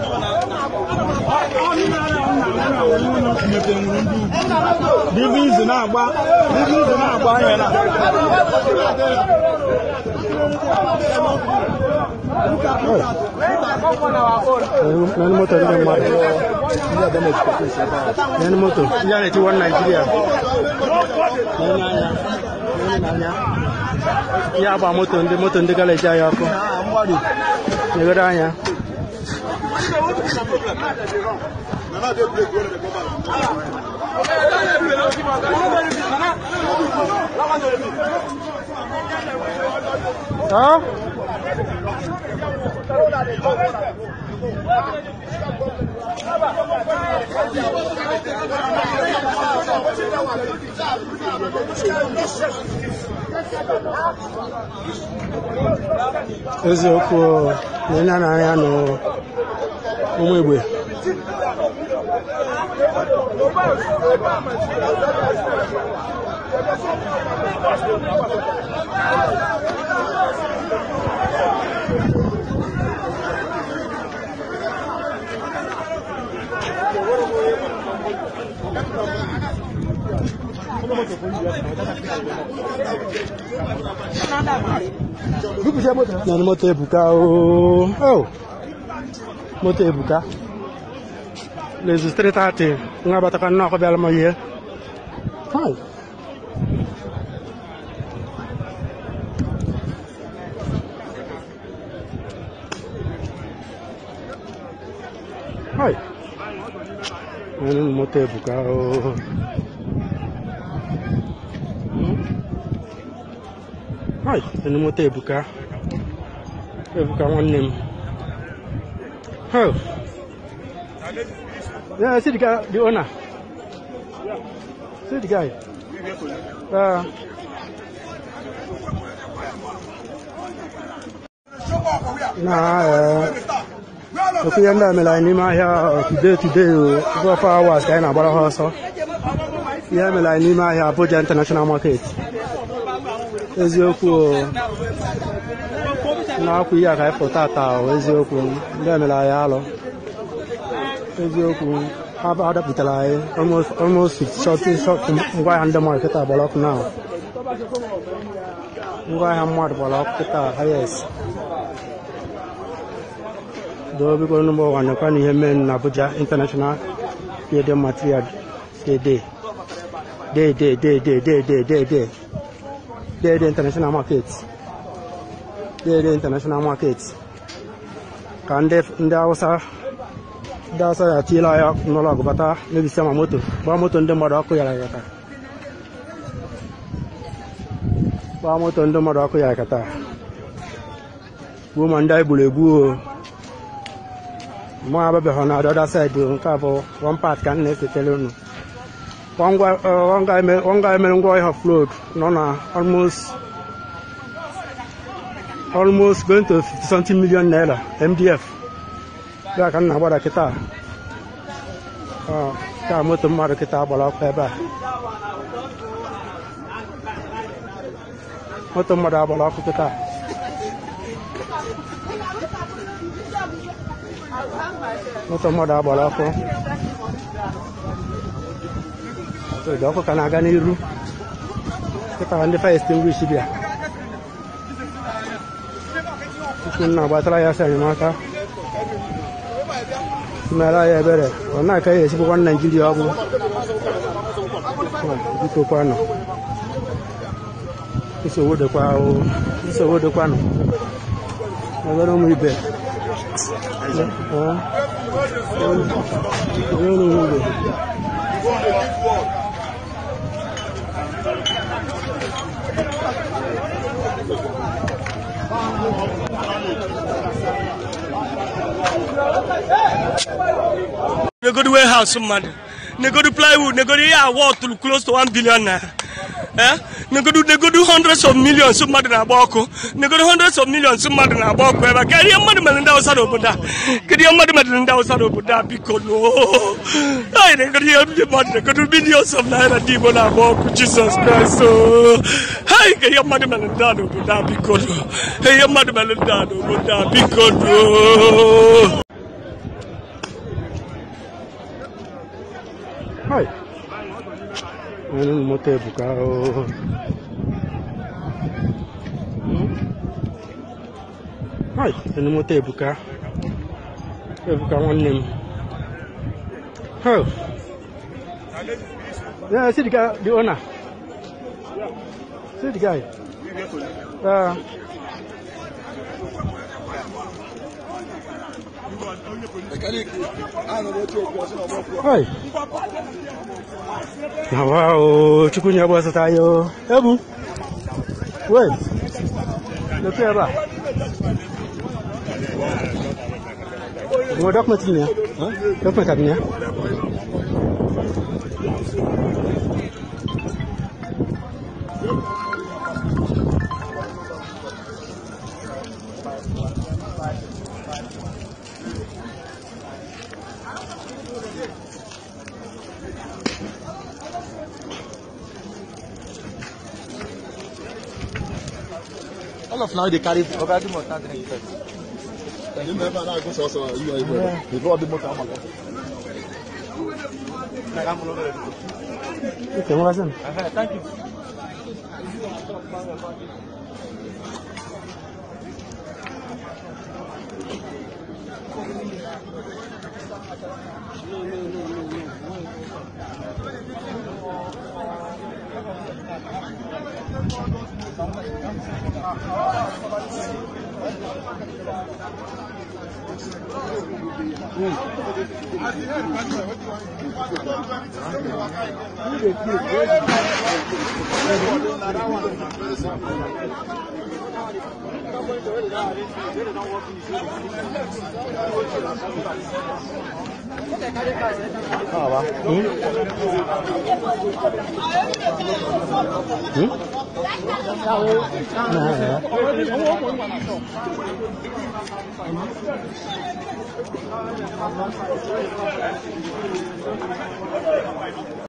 Vamos lá. diviz na-agba diviz na na nani moto ndị mmadụ nani moto ndị a na-etiwa naijiria ya gba moto ndị moto ndị galeji anyị ọkụ nyegoro anya c'est un problème. Maintenant, deux bleus, deux bleus, Hein eziokwu na ị nara anya n'ụrụ ụmụ egbe Vipi sẹ́ mọ́tò? ooo. moto ebuka les stretati ngabata kan noko bel mo ye iya. hay hay moto ebuka o oh. hay moto ebuka ebuka one name Huh. Yeah, I see the guy, the owner. See the guy. Uh, nah, uh, okay, and I'm like, I'm here today, today, so oh, far I was kind of about a horse. Oh. Yeah, I'm like, I'm here, Abuja International Market. eziokwu na n'akwa ihe aka anyị pụta taa eziokwu ndị emere anyị alụ eziokwu ha dapụtara anyị almost shọtin ndị mmadụ kịta gbara ọkụ na ngwaahịa mmadụ gbara ọkụ kịta hayes doo biko n'ụgbọ ụwa nyekwa na ihe mee na Abuja international field material dede dede dede dede dede There are the international market. There are the international market. Kan def nda wasa da sa ya tila ya nola gubata ne bisa ma moto ba moto nda ya ko yala yata ba moto nda mada ko yala kata wo mandai dai bule bu mau aba be hona da da side ka bo one part kan ne se one guy, uh, one guy, one guy, one guy have flood. No, no, almost, almost going to 50 million naira MDF. Đây kan nak buat kita. Ah, uh, kamu temar kita balap peba. Kamu temar balap kita. Kamu temar balap. so ị ga-ọkụ ka na-aga n'iru kịtawa ndị fire extinguish bịa tupu nna gbatara ya si enyemaka mere ya ebere ọ na-aka ya esikwakwa naijiria ọ bụ bikokwanụ nsogbu dịkwanụ ebere ụmụ ibe onye ụmụ ibe they go to warehouse some money they go to plywood they go to yeah worth close to one billion naira eh they go to they go to hundreds of millions some money na-agba ọkụ they go to hundreds of millions some money na-agba ọkụ ebe a kedu ihe mmadụ mere ndị awụsa n'obodo a kedu ihe mmadụ mere ndị awụsa n'obodo a biko noo anyị na millions of naira ndị igbo na-agba ọkụ jizọs kraịst oo anyị ka ihe mmadụ mere ndị a n'obodo a biko noo ihe mmadụ mere ndị a biko noo Hi. Um ano mo tayo buka o... Hi. Ano mo tayo buka? Tayo buka one name. How? Yeah, see the guy, the owner. Yeah. See ah Uh, Hai. Na wao, chukunya bwasa tayo. Hebu. We. Letea ba. Ngo document ni ya? Ha? Document ni ya? All of now they carry drink first. Uh-huh, thank you. go you are here. go the motor. Okay, it? Thank you. 好吧。嗯。嗯？下午，哎哎哎！我你从我这边走。